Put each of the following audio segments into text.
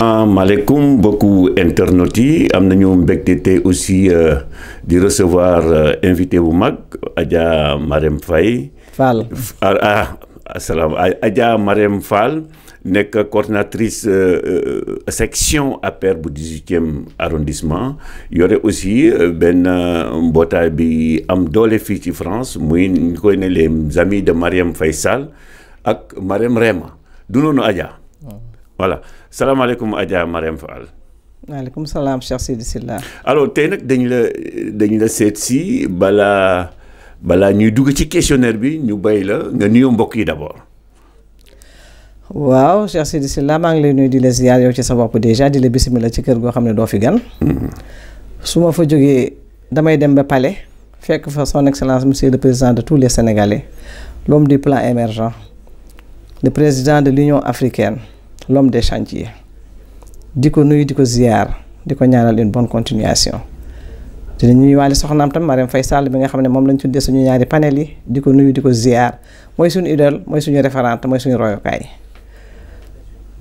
maaleykum mbokku internautes yi am nañu mbégte tey aussi euh, di recevoir euh, invité bu mag Adja Marème fay Fall ah asalaam ah, Adja Marème Fall nekk coordinatrice euh, section APR e bu 18e arrondissement yore aussi benn mbootaay bi am doole fii ci France muy ñu koy ne les amis de Marième Faye Sall ak Marième Rema du noonu Adja voilà salaamaaleykum Adja fa Fall. maaleykum salaam Cheikh Sidi Silla. alors tey nag dañ la dañu la seet si balaa balaa ñuy dugg ci questionnaire bi ñu bay la nga nuyu mbokk yi d'abord. waaw Cheikh Sidi Silla maa ngi lay nuyu di la ziar yow ci sa bopp déjà di la bisimilah ci kër goo xam ne doo fi gan. Mm-hmm. su ma fa jógee damay dem ba palais fekk fa son excellence monsieur le président de tous les sénégalais l'homme du plan émergent le président de l'union africaine. l'homme des chantiers di ko nuyu di ko ziyaar di ko ñaanal une bonne continuation dina ñuy waale soxnaam tam Marème fay Sall bi nga xam ne moom lañ tuddee suñu ñaari panel yi di ko nuyu di ko ziyaar mooy suñu idole mooy suñu référente mooy suñu royukaay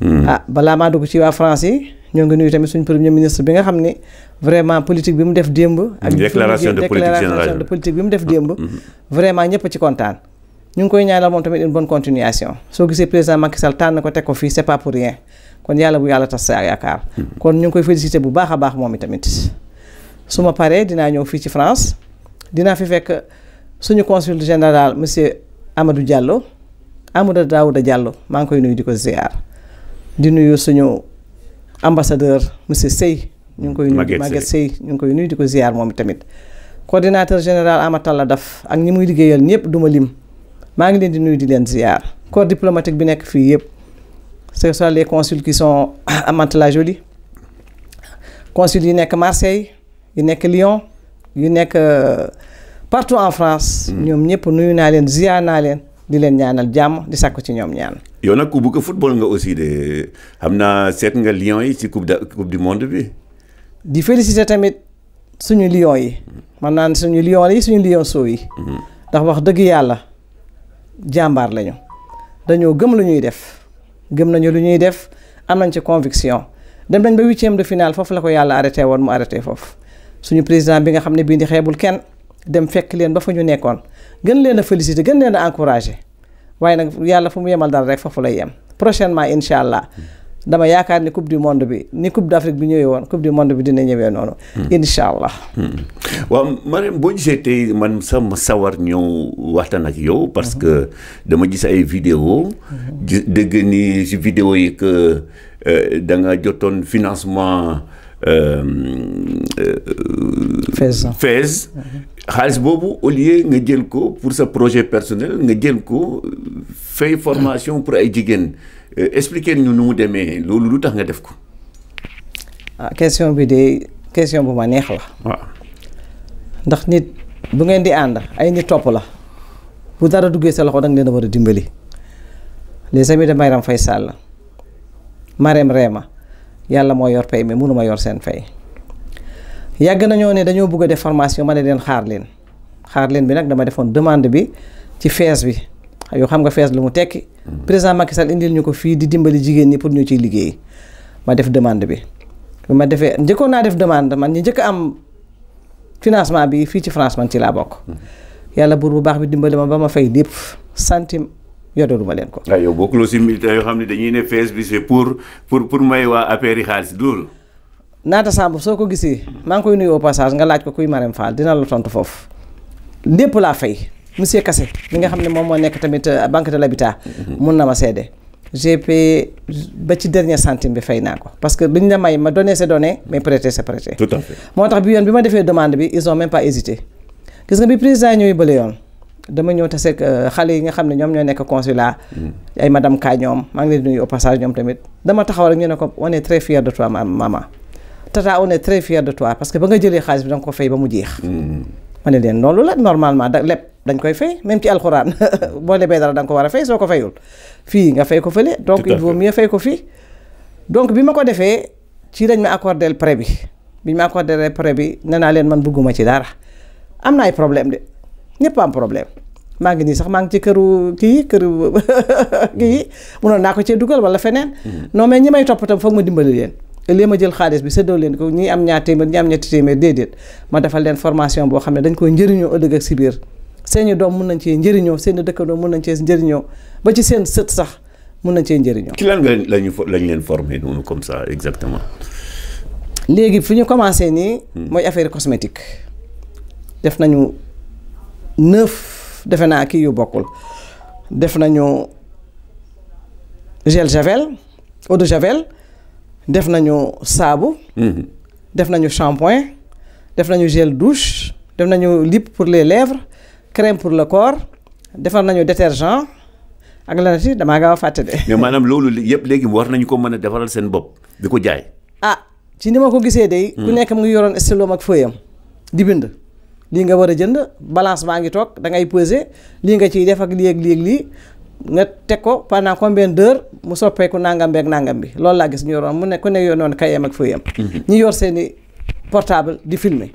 hmm. ah balaa maa dugg ci waa France yi ñoo ngi nuyu tamit suñu premier ministre bi nga xam ni vraiment politique bi mu def démb ak déclaration de politique générale de bi mu def hmm. démb hmm. vraiment ñëpp ci kontaan ñu ngi koy ñaanal moom tamit une bon continuation soo gisee président Macky Sall tànn ko teg ko fii c'est pas pour rien kon yàlla bu yàlla tas sa yaakaar. Hmm. kon ñu ngi koy féliciter bu baax a baax moom itamit. su ma paree dinaa ñëw fii ci France dinaa fi fekk suñu consul général monsieur Amadou Diallo Amadou Daouda Diallo maa ngi koy nuyu di ko ziar di nuyu suñu ambassadeur monsieur Sey. ñu ngi koy nuyu Maguette Sey ñu ngi koy nuyu di ko ziar moom tamit coordinateur général Amatalla Daf ak ñi muy liggéeyal ñëpp duma lim. maa ngi leen di nuyu di leen ziar corps diplomatique bi nekk fii yëpp ce sont les consuls qui sont à yi nekk Marseille yu nekk Lyon yu nekk euh, partout en France. Mm. ñoom ñëpp nuyu naa leen ziar naa leen di leen ñaanal jàmm di sakku ci ñoom ñaan. yow nag ku bëgg football nga aussi de xam naa seet nga Lions yi ci coupe de coupe du monde bi. di féliciter tamit suñu Lions yi. Mm. man naan suñu lion yi suñu Lionceaux yi. Mm-hmm. ndax wax dëgg yàlla. jàmbaar lañu dañoo gëm lu ñuy def gëm nañu lu ñuy def am nañ ci conviction dem nañ ba huitième de finale foofu la ko yàlla arrêté woon mu arrêté foofu suñu président bi nga xam ne bii di xeebul kenn dem fekk leen ba fa ñu nekkoon gën leen a féliciter gën leen a encourager waaye nag yàlla fu mu yemal dara rek foofu lay yem prochainement incha allah. dama yaakaar ni coupe du monde bi ni coupe d' Afrique bi ñëwee woon coupe du monde bi dina ñëwee noonu. Hmm. incha allah. Hmm. waaw Mariam boo gisee tey man sama sawar ñëw waxtaan ak yow. parce que hmm. dama gis ay vidéo ji dégg ni si vidéo yi que euh, da nga jotoon financement. Euh, euh, Fez. Fez xaalis boobu au lieu nga jël ko pour sa projet personnel nga jël ko fay formation pour ay jigéen. Euh, expliquer ñu nu mu demee loolu lu tax nga def ko. ah question bi de question bu ma neex la. ndax nit bu ngeen di ànd ay nit topp la bu dara duggee sa loxo danga leen a war a dimbali les amis fay Marième Faye Sall Marième ma yàlla moo yor pay mais mënuma yor seen fay. yàgg nañoo ne dañoo bëgg a def formation ma ne leen xaar leen xaar leen bi nag dama defoon demande bi ci fees bi. yow xam nga fees lu mu tekki présent Macky Sall indil ñu ko fii di dimbali jigéen ñi pour ñu ciy liggéey ma def demande bi ma defee njëkkoon naa def demande man ñu njëkk am financement bi fii ci France man ci laa bokk yàlla buur bu baax bi dimbali ma ba ma fay lépp centime yoreelu ma leen ko. waaw ah, yow bokkuloo yoo xam ne dañuy ne fees bi pour pour pour may waa affaire xaalis loolu. naata Samb soo ko gisee. maa koy nuyu au passage nga laaj ko kuy Marème Fall dina la tontu foofu lépp laa fay. monsieur Kassé mi nga xam ne moom moo nekk tamit euh, banque de l'habitat mm-hmm. mun na ma seede GP ba ci dernier centime bi fay naa ko parce que bi ñu la may ma donné c'est donné mais prêté c'est prêté. tout à moo tax bi yoon bi ma defee demande bi ils ont même pas hésité gis nga bi président ñëwee bële yoon dama ñëw tase euh, xale yi nga xam ne ñoom ñoo nekk consulat. Mm. ay madame Ka ñoom maa ngi leen nuyu au passage ñoom tamit dama taxaw rek ñu ne ko on est de toi maman que ba nga jëlee xaalis bi da nga ko fay ba mu jeex. Mm. ma ne leen loolu la normalement da leb dañ koy fay même ci alxuraan boo lebee dara da ko war a fay soo ko fayul fii nga fay ko fële. donc il vaut mieux fay ko fii. donc bi ma ko defee ci dañ ma accordé prêt bi bi ma accordé prêt bi nee naa leen man bëgguma ci dara am na ay problème de ñëpp am problème. maa ngi nii sax maa ngi ci këru kii këru naa ko cee dugal wala feneen. Mm-hmm. non mais ñi may topp tam foog ma dimbali leen. te ma jël xaalis bi séddoo leen ko ñi am ñaar téeméer ñi am ñetti téeméer déedéet ma defal leen formation boo xam ne dañ koy njëriñoo ëllëg ak si biir doom mun nañ cee njëriñoo seeni dëkkandoo mun nañ cee njëriñoo ba ci seen sax mun nañ cee njëriñoo. ci lan nga lañu lañ leen formé noonu comme ça exactement. léegi fi ñu commencer nii. Hmm. mooy affaire cosmétique. def nañu neuf defe naa kii yu bokkul def nañu gel javel eau de javel. def nañu saabu. Mhm. def nañu shampoing def nañu gel douche def nañu lip pour les lèvres crème pour le corps defar nañu détergent ak leneen si damaa gaaw fàtte de. mais maanaam loolu yëpp léegi war nañu ko mën a defaral seen bopp di ko jaay. ah ci ni ma ko gisee de. ku mhm. nekk mu ngi yoroon stylo ak feuille am di bind. lii nga war a jënd balance baa ngi toog dangay ngay peser lii nga ciy def ak lii ak lii ak lii nga teg ko pendant combien d'heures mu soppeeku nangam beeg nangam bi loolu laa gis ñu yoroon mu ne ku ne yoo noonu kayam ak fuyam mhm. ñu yor seen i portable di filmer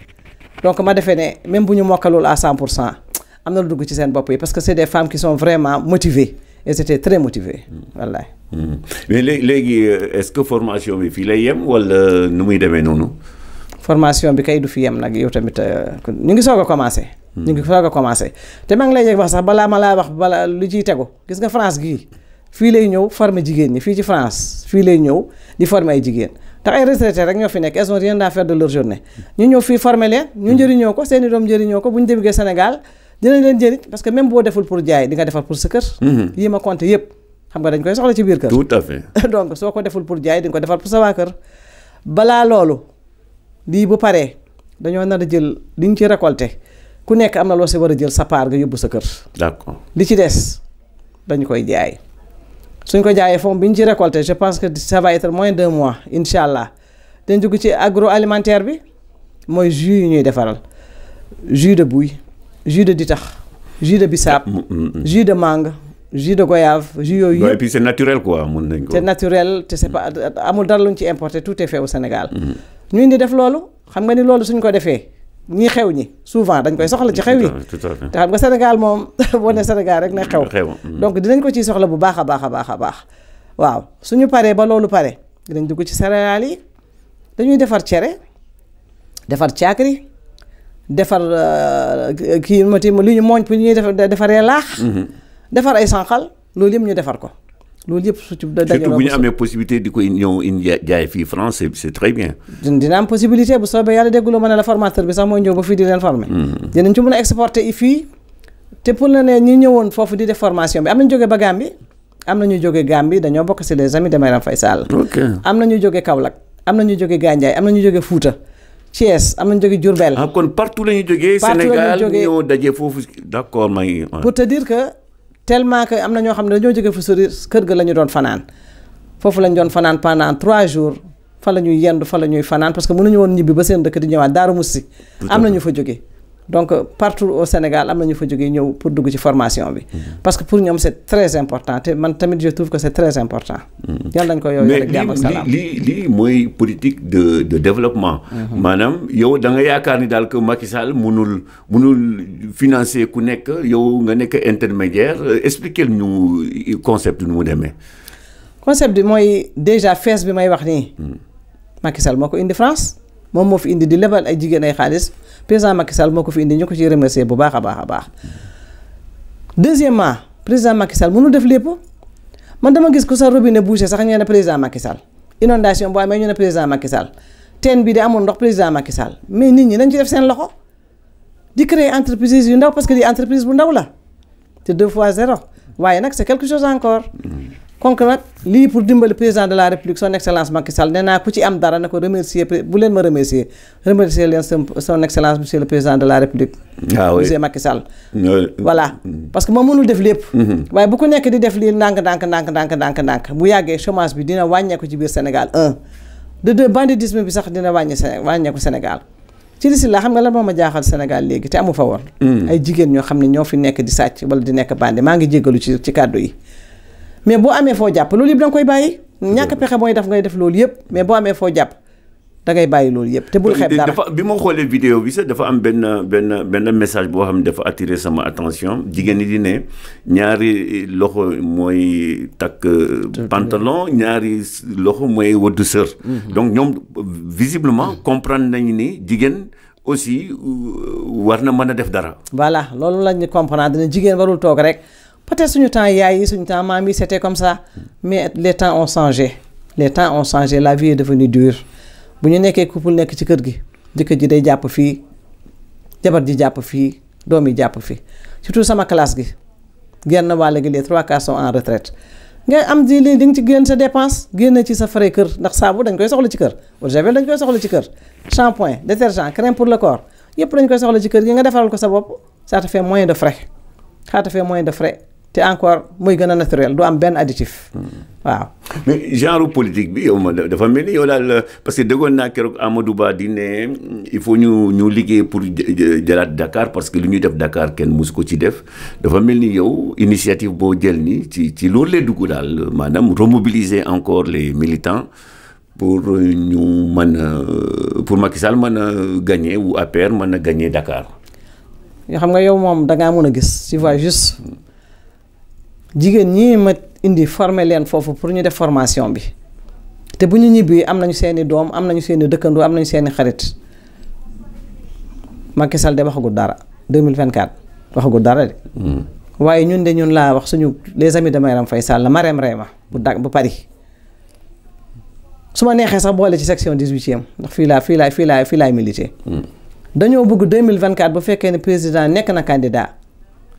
donc ma defee ne même bu ñu mokkalul à 100 pour cent am na lu dugg ci seen bopp yi parce que c'est des femmes qui sont vraiment motivées et c'était très motivé mhm. wallaay. Mhm. mais léegi léegi euh, est-ce que formation bi fii lay yem wala nu muy demee noonu. formation bi kay du fi yem nag yow tamit euh, ñu ngi soog a commencer. ñu ngi fa commencé te maa ngi lay wax sax balaa ma laa wax balaa lu ciy tegu gis nga France gii fii lay ñëw former jigéen ñi fii ci France fii lay ñëw di former ay jigéen tax ay retraités rek fi nekk elles ont rien de leur journée ñu ñëw fii former leen ñu hmm. njëriñoo ko seeni i doom njëriñoo ko bu ñu demee Sénégal dinañ leen jëriñ parce que même boo deful pour jaay di nga defal pour sa kër hmm. yi ma compté yëpp xam nga dañ koy soxla ci biir kër tout à fait donc soo ko deful pour jaay di nga ko defal pour sa waa kër balaa loolu lii bu paree dañoo nar a jël liñ ci récolté ku nekk am na loo si war a jël sa part nga yóbbu sa kër. d'accord li ci des dañu koy jaay suñ ko jaayee fond bi ñu ci récolté je pense que ça va être moins de mois incha allah dañ dugg ci agroalimentaire bi mooy jui yu ñuy defaral jus de bouy jus de ditax jus de bisaab. Ah, mm, mm, mm. jus de mangue. jus de goyave jus yooyu yëpp et puis c'est naturel quoi mun nañ ko. c'est naturel te c'est pas amul dara luñ ci importé tout est fait au Sénégal. ñu ni def loolu xam nga ni loolu suñ ko defee. ñii xew ñi souvent dañ koy soxla ci xew yi te xam nga Sénégal moom boo ne Sénégal rek ne mm, xew mm. donc dinañ ko ciy soxla bu baax a baax a baax a baax waaw suñu paree ba loolu pare dinañ dugg ci céréales yi dañuy defar cere defar caakri defar euh, kii mati li ñu mooñ pour ñuy defaree laax mm-hmm. defar ay sànqal loolu yëpp ñu defar ko loolu yëpp su ci bu ñu amee possibilité di ko ñëw indi jaay fii France c' très bien. dina am possibilité bu soobee yàlla dégguloo ma ne la formateur bi sax mooy ñëw ba fii di leen former. Hmm. dinañ ci a exporter fii. te pour na ne ñi ñëwoon foofu di def formation bi am na nañu jógee ba Gambie am nañu jógee Gambie dañoo bokk si les amis de Marième Faye Sall. am na ñu jógee Kaolack am na nañu jógee Gandiaye am na ñu jógee Fouta. Thiès am nañu jógee Diourbel. ah kon partout la ñuy jógee. partout la ñuy jógee Sénégal ñoo daje foofu d' accord maa tellement kay am na ñoo xam ne dañoo jóge fu sori kër ga la ñu doon fanaan foofu lañ doon fanaan pendant trois jours fa la ñuy yendu fa la ñuy fanaan parce que mënuñu woon ñibbi ba seen dëkk di ñëwaat Daaru Musti am na ñu fa jóge donc euh, partout au Sénégal am na ñu fa jógee ñëw pour dugg ci formation bi. Mm-hmm. parce que pour ñoom c' est très important te man tamit je trouve que c' très important. Mm-hmm. yàlla nañu ko yow rek jàmm ak salaam mooy politique développement. Mm-hmm. maanaam yow da nga yaakaar ni daal que Macky Sall mënul mënul financer ku nekk yow nga nekk intermédiaire euh, expliquer ñu euh, concept nu mu demee. concept bi mooy déjà fees bi may wax nii. Mm. Macky Sall moo ko indi moom moo fi indi di lebal ay jigéen ay xaalis président Macky Sall moo ko fi indi ñu ko ciy remercier bu baax a baax a baax deuxièmement président Macky Sall mënu def lépp man dama gis ko sa robine bouché sax ñu ne président Macky Sall inondation boo amee ñu ne président Macky Sall teen bi de amul ndox président Macky Sall mais nit ñi dañ ci def seen loxo di créer entreprise yu ndaw parce que di entreprise bu ndaw la te deux fois zéro waaye nag c'est quelque encore. kon nag lii pour dimbali président de la république son excellence Macky sal nee naa ku ci am dara na ko remercier bu leen ma remercier remercier leen son excellence monsieur le président de la république. waaw ah monsieur Macky Sall. voilà mm-hmm. parce que moom mënul def lépp. Mm-hmm. waaye bu ku nekk di def lii ndànk ndànk ndànk ndànk ndànk ndànk bu yàggee chômage bi dina wàññeeku ci biir Sénégal un de deux banditisme bi sax dina wàññi Séné wàññeeku Sénégal. ci lisi la xam nga la moo ma jaaxal Sénégal léegi te amu fa war mm. ay jigéen ñoo xam ne ñoo fi nekk di sàcc wala di nekk bandi maa ngi jéggalu ci ci kàddu yi mais boo amee foo jàpp loolu yëpp da koy bàyyi. ñàkk pexe booy def ngay def loolu yëpp mais boo amee foo jàpp da ngay bàyyi loolu yëpp te bul xeeb dara dafa bi ma xoolee vidéo bi sax dafa am benn benn benn message boo xam ne dafa attiré sama attention jigéen ñi di ne ñaari loxo mooy takk pantalon ñaari loxo mooy waddu sër mhm. donc ñoom visiblement mhm. comprendre nañu ni jigéen aussi euh, war na mën a def dara voilà loolu lañu comprendre ne jigéen warul toog rek peut-être suñu temps yaay yi suñu temps maam yi c'était comme ça mais les temps ont changé les temps ont changé la vie est devenue dure bu ñu nekkee ku couple nekk ci kër gi jëkkër ji day jàpp fii jabar ji jàpp fii doom yi jàpp fii surtout sama classe gi genn wàll gi les trois quarts sont en retraite nga am di li di nga ci génn sa dépense génn ci sa frais kër ndax saabu dañ koy soxla ci kër eau de javel dañ koy soxla ci kër shampoing détergent crème pour le corps yëpp dañ koy soxla ci kër gi nga defaral ko sa bopp ça te fait de frais ça te fait moyen de frais te encore muy gën a naturel du am benn additif. Hmm. waaw. mais genre politique bi yow ma dafa mel ni yow daal parce que déggoon naa keroog Amadou Ba di ne il faut ñu ñu liggéey pour jëlaat dakaar parce que lu ñuy def dakaar kenn mosu ko ci def dafa mel ni yow initiative boo jël ni ci ci loolu lay dugg daal maanaam remobiliser encore les militants pour ñu man pour Macky Sall mën a gagner ou APR mën a gagner Dakar. yoo xam nga yow moom da mën a gis tu vois juste. Hmm. jigéen ñi ma indi former leen foofu pour ñu def formation bi te bu ñu ñibbi am nañu seeni doom am nañu seeni dëkkandoo am nañu seeni xarit Macky sal de waxagul dara 2024 waxagul dara de. Hmm. waaye ñun de ñun laa wax suñu les amis de Marième Faye Sall Marième Rema bu dag bu Paris su ma neexee sax boole ci section 18e ndax fii laa fii laa fii laa fii laay milité. Hmm. dañoo bëgg 2024 bu fekkee ne président nekk na candidat.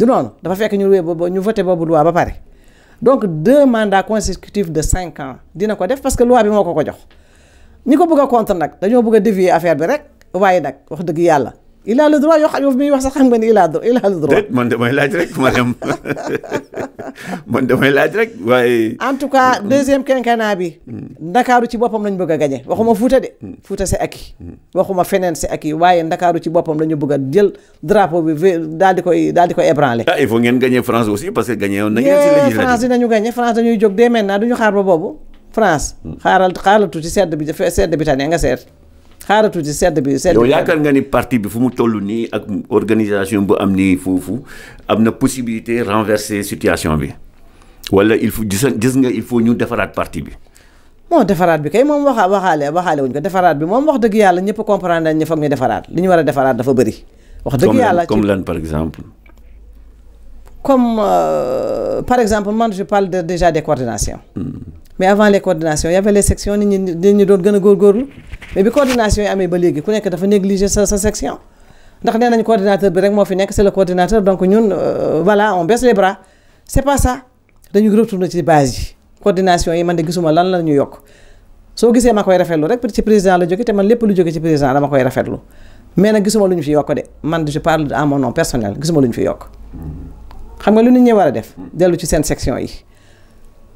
du noonu dafa fekk ñu wé ba ñu voté boobu loi ba pare donc deux mandats consécutifs de cinq ans dina ko def parce que loi bi moo ko ko jox ñi ko bëgg a contre nag dañoo bëgg a dévier affaire bi rek waaye nag wax dëgg yàlla ilaa le droit yoo xam yow miy wax sax xam nga ni ilaa ilaa le droit man damay laaj rek maanaam man laaj rek waaye en tout cas deuxième quinquennat bi ndakaaru ci boppam lañ bëgg a gañe waxuma fuuta de fuuta c'est acquis waxuma feneen c'est acquis waaye ndakaaru ci boppam la ñu bëgg a jël drapeau bi daal di koy daal di koy ébranler ah il faut ngeen gañe France aussi parce que gañe yoon na ngeen si législative France dinañu gañe France dañuy jóg dès maintenant duñu xaar boobu France hmm. xaaral xaaral tuuti sedd bi sedd bi tane nga seet xaaratu ci sedd bi. sedd bi yow yaakaar nga ni parti bi fu mu toll nii ak organisation bu am nii foofu am na possibilité renverser situation bi wala il faut gis nga il faut ñu defaraat parti bi. bon defaraat bi kay moom waxa waxaale waxaale wuñ ko defaraat bi moom wax dëgg yàlla ñëpp comprendre nañ ñu foog ñu defaraat li ñu war a defaraat dafa bëri. wax dëgg yàlla comme lan par exemple. comme euh, par exemple man je parle de, déjà de coordinations. Mmh. mais avant les coordinations y les sections nit ñi nit ñi doon gën a góorgóorlu. mais bi coordination yi amee ba léegi ku nekk dafa négliger sa section ndax nee nañ coordinateur bi rek moo fi nekk c'est le coordinateur donc ñun euh, voilà on baisse les bras c'est pas ça dañu retourner ci base yi coordination yi man de gisuma lan la ñu yokk soo gisee ma koy rafetlu rek ci président la jóge te man lépp lu jóge ci président dama koy rafetlu mais nag gisuma lu ñu fi yokk de man je parle à mon nom personnel gisuma lu ñu fi yokk xam nga lu nit ñi war a def dellu ci seen section yi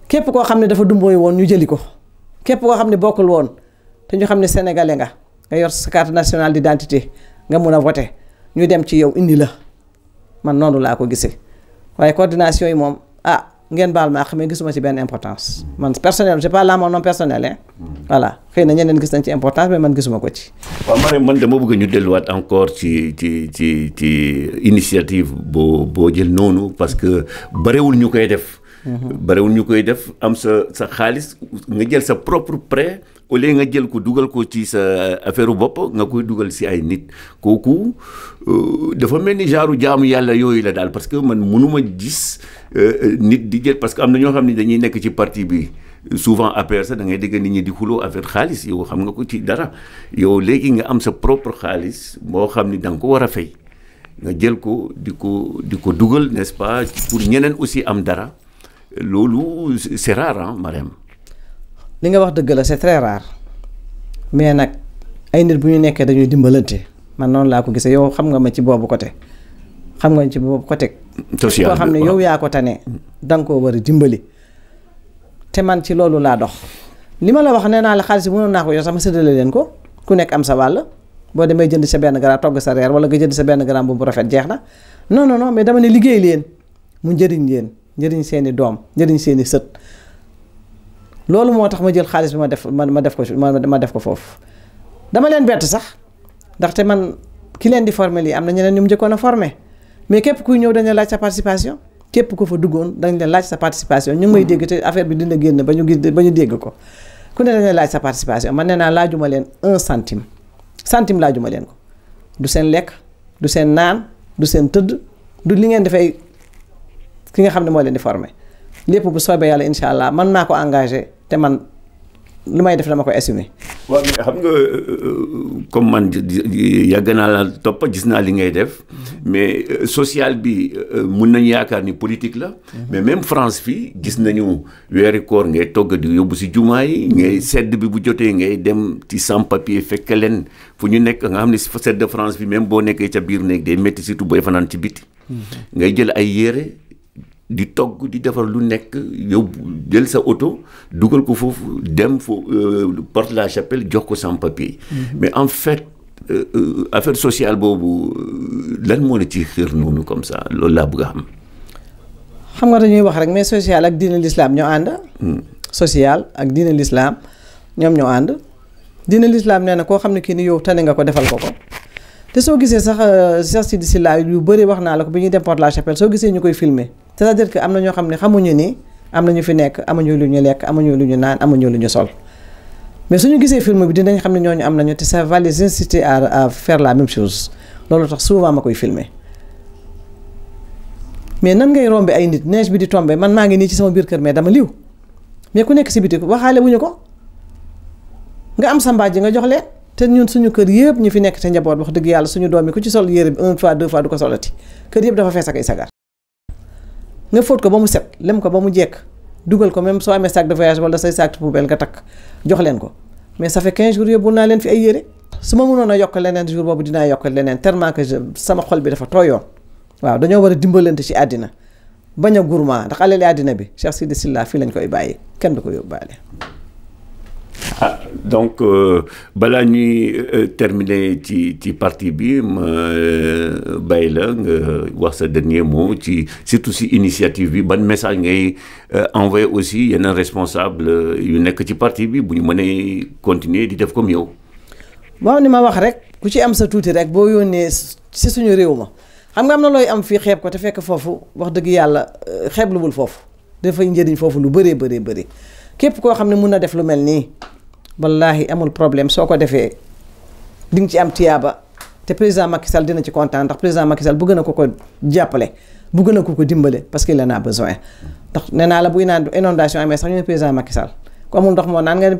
képp koo xam ne dafa dumbooy woon ñu jëli ko képp koo xam ne bokkul woon te ñu xam ne sénégalais nga nga yor sa carte nationale d'identité nga mun a voter ñu dem ci yow indi la man noonu laa ko gisee waaye coordination yi moom ah ngeen baal ma xam ne gisuma ci benn importance man personnel je parle à mon nom personnel xëy na ñeneen gis nañ ci importance mais man gisuma ko ci. waaw Marème man dama bëgg ñu delluwaat encore ci ci ci initiative boo boo jël noonu parce que barewul ñu koy def. Mm-hmm. barewul ñu koy def am sa sa xaalis nga jël sa propre prêt. au lieu nga jël ko dugal ko ci sa euh, affaire bopp nga koy dugal si ay nit kooku euh, dafa mel ni genre jaamu yàlla yooyu la daal parce que man mënuma gis euh, nit di jël parce que am na ñoo xam ne dañuy nekk ci partie bi souvent APR sa da ngay dégg nit ñi di xuloo affaire xaalis yow xam nga ko ci dara yow léegi nga am sa propre xaalis boo xam ni da nga ko war a fay nga jël ko di ko di ko dugal n'est-ce pour ñeneen aussi am dara loolu c'est rare li nga wax dëgg la c'est très mais nag ay nit bu ñu nekkee dañuy dimbalante man noonu laa ko gisee yow xam nga ma ci boobu côté xam nga ci boobu côté. social koo xam ne yow yaa ko tane da nga koo war a dimbali te man ci loolu laa dox. li ma la wax nee naa la xaalis bi mënoon naa ko yor sama séddale leen ko ku nekk am sa wàll boo demee jënd sa benn gramme togg sa reer wala nga jënd sa benn gramme bu rafet jeex na non non non mais dama ne liggéey leen mu njëriñ leen njëriñ seen doom njëriñ seen sët. loolu moo tax ma jël xaalis bi ma def ma def ko ma def ko foofu dama leen bett sax ndaxte man ki leen di former lii am na ñeneen ñu mu njëkkoon a formé mais képp kuy ñëw dañu laaj sa participation képp ku fa duggoon dañ leen laaj sa participation ñu ngi may mm. dégg te affaire bi dina génn ba ñu gis ba ñu dégg ko ku ne dañu laaj sa participation man ne naa laajuma leen un centime centime laajuma leen ko du seen lekk du seen naan du seen tëdd du li ngeen dafay ki nga xam ne moo leen di former lépp bu soobee yàlla incha allah man maa ko engagé te man lu may def ma ko assumer. waaw mais xam nga euh, comme man yàgg naa la topp gis naa li ngay def mais euh, social bi euh, mun nañu yaakaar ni politique la. Mhm. mais même France fii gis nañu weeri koor ngay togg di yóbbu si jumaa yi ngay sedd bi bu jotee ngay dem ci sans papier fekk leen fu ñu nekk nga xam ne sedd France bi même boo nekkee ca biir néeg day métti surtout booy fanaan ci biti. Mhm. ngay jël ay yére. di togg di defar lu nekk yow jël sa oto dugal ko foofu dem fo euh, porte la chapelle jox ko sans papier mm-hmm. mais en fait euh, euh, affaire sociale boobu lan moo la ci xër noonu comme ça loolu laa bëgg a xam xam nga dañuy wax rek mais social ak diine l'islam ñoo ànd hmm. social ak diine l'islam ñoom ñoo ànd diine l'islam nee na koo xam ne kii ni yow tane nga ko defal ko ko te soo gisee sax Cheikh Sidi Silla yu bëri wax naa la ko bi ñuy dem porte la chapelle soo gisee ñu koy filmer te à dire que am na ñoo xam ne xamuñu ni am na ñu fi nekk amuñu lu ñu lekk amuñu lu ñu naan amuñu lu ñu sol mais suñu gisee film bi dinañ xam ne ñoo ñu am nañu te ça va les inciter à à faire la même chose loolu tax souvent ma koy filmer mais nan ngay rombe ay nit neige bi di tombe man maa ngi nii ci sama biir kër mais dama liw mais ku nekk si biti waxaale wuñu ko nga am sa mbaaj nga jox leen te ñun suñu kër yëpp ñu fi nekk te njaboot wax dëgg sol yére bi une fois nga fóot ko ba mu set lem ko ba mu jekk dugal ko même soo amee sac de voyage wala say sac poubelle nga takk jox leen ko mais sa fait 15 jours yóbbul naa leen fi ay yére su ma mënoon a yokk leneen jour boobu dinaa yokk leneen tellement que sama xol bi dafa tooyoon waaw dañoo war a dimbalante ci àddina bañ a gourmand ndax alali àddina bi Cheikh Sidi Silla fii lañ koy bàyyi kenn du ko yóbbaale. ah donc euh, balaa ñuy euh, terminer ci ci partie bi ma euh, bàyyi la nga wax sa dernier mot ci surtout si initiative bi ban message ngay envoyer aussi yeneen responsable yu nekk ci partie bi bu ñu mënee continuer di def comme yow. waaw ni ma wax rek ku ci am sa tuuti rek boo yónnee si suñu réew ma xam nga am na looy am fii xeeb ko te fekk foofu wax dëgg yàlla xeebluwul foofu dafay njëriñ foofu lu bëree bëree bëri képp koo xam ne mun na def lu mel nii. wallahi amul problème soo ko defee di nga ci am tiyaaba te président Macky Sall dina ci kontaan ndax président Macky Sall bu gën a ko ko jàppale bu gën a ko ko dimbale parce qu'il en a besoin ndax nee naa la bu inondation amee sax ñu ne président Macky ndox moo naan nga ne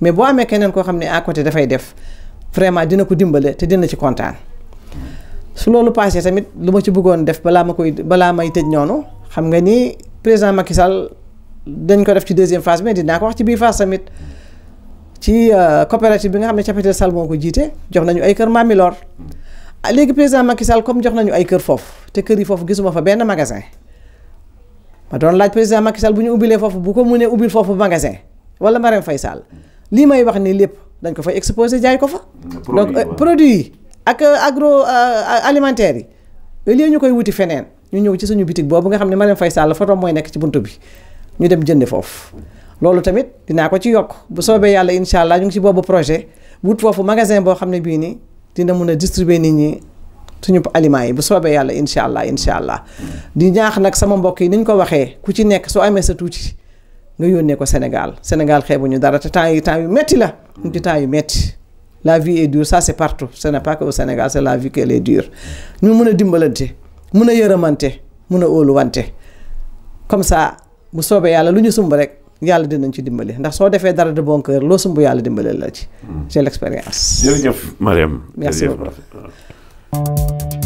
mais boo amee keneen koo xam ne à côté def vraiment dina ko dimbale te dina ci kontaan su loolu passé tamit lu ma ci buggoon def balaa ma koy balaa may tëj noonu xam nga ni président Macky Sall dañ ko def ci deuxième phase mais dinaa ko wax ci biir phase tamit ci euh, coopérative bi nga xam ne Chapitel Sall moo ko jiite jox nañu ay kër Mamilor ah, léegi président Macky Sall comme jox nañu ay kër foofu te kër yi foofu gisuma fa benn magasin ma doon laaj président Macky Sall bu ñu ubbilee foofu bu ko mënee ubbil foofu magasin wala Marème fay saal lii may wax nii lépp dañ ko fa exposé jaay ko fa. donc euh, produit yi ak euh, agro alimentaire yi au ñu koy wuti feneen ñu ñëw ci suñu bitik boobu nga xam ne Marème Faye Sall photo mooy nekk ci buntu bi ñu dem jënd foofu. loolu tamit dinaa ko ci yokk bu soobee yàlla incha allah ñu ngi ci boobu projet wut foofu magasin boo xam ne bii nii dina mun a distribuer nit ñi suñu aliments yi bu soobee yàlla incha allah incha allah di ñaax nag sama mbokk yi ni ñu ko waxee ku ci nekk soo amee sa tuuti nga yónnee ko Sénégal Sénégal xeebuñu dara te temps yi yu métti la ñu ci métti la vie est dure partout ce n'est au Sénégal c'est la vie dure ñu mun a dimbalante mun a yërëmante mun a óoluwante comme ça bu soobee yàlla lu ñu sumb rek. yàlla dinañ ci dimbali ndax soo defee dara de bon cœur loo sumb yàlla dimbali la ci. Hmm. c'est l'expérience. jërëjëf Mariam. merci beaucoup jërëjëf